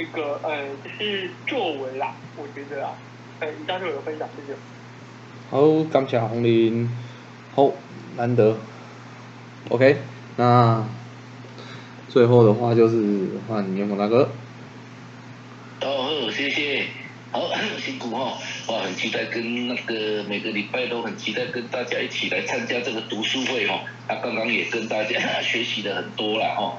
這個呃，即、嗯就是作文啦，我覺得誒，你、嗯、上就我有分享先啦。謝謝，好，感謝紅蓮，好、oh, 難得。OK，那最後的話就是換檸檬大哥多謝，好辛苦哦，我很期待跟那個每個禮拜都很期待跟大家一起來參加這個讀書會哦。那剛剛也跟大家、啊、學習了很多啦哦。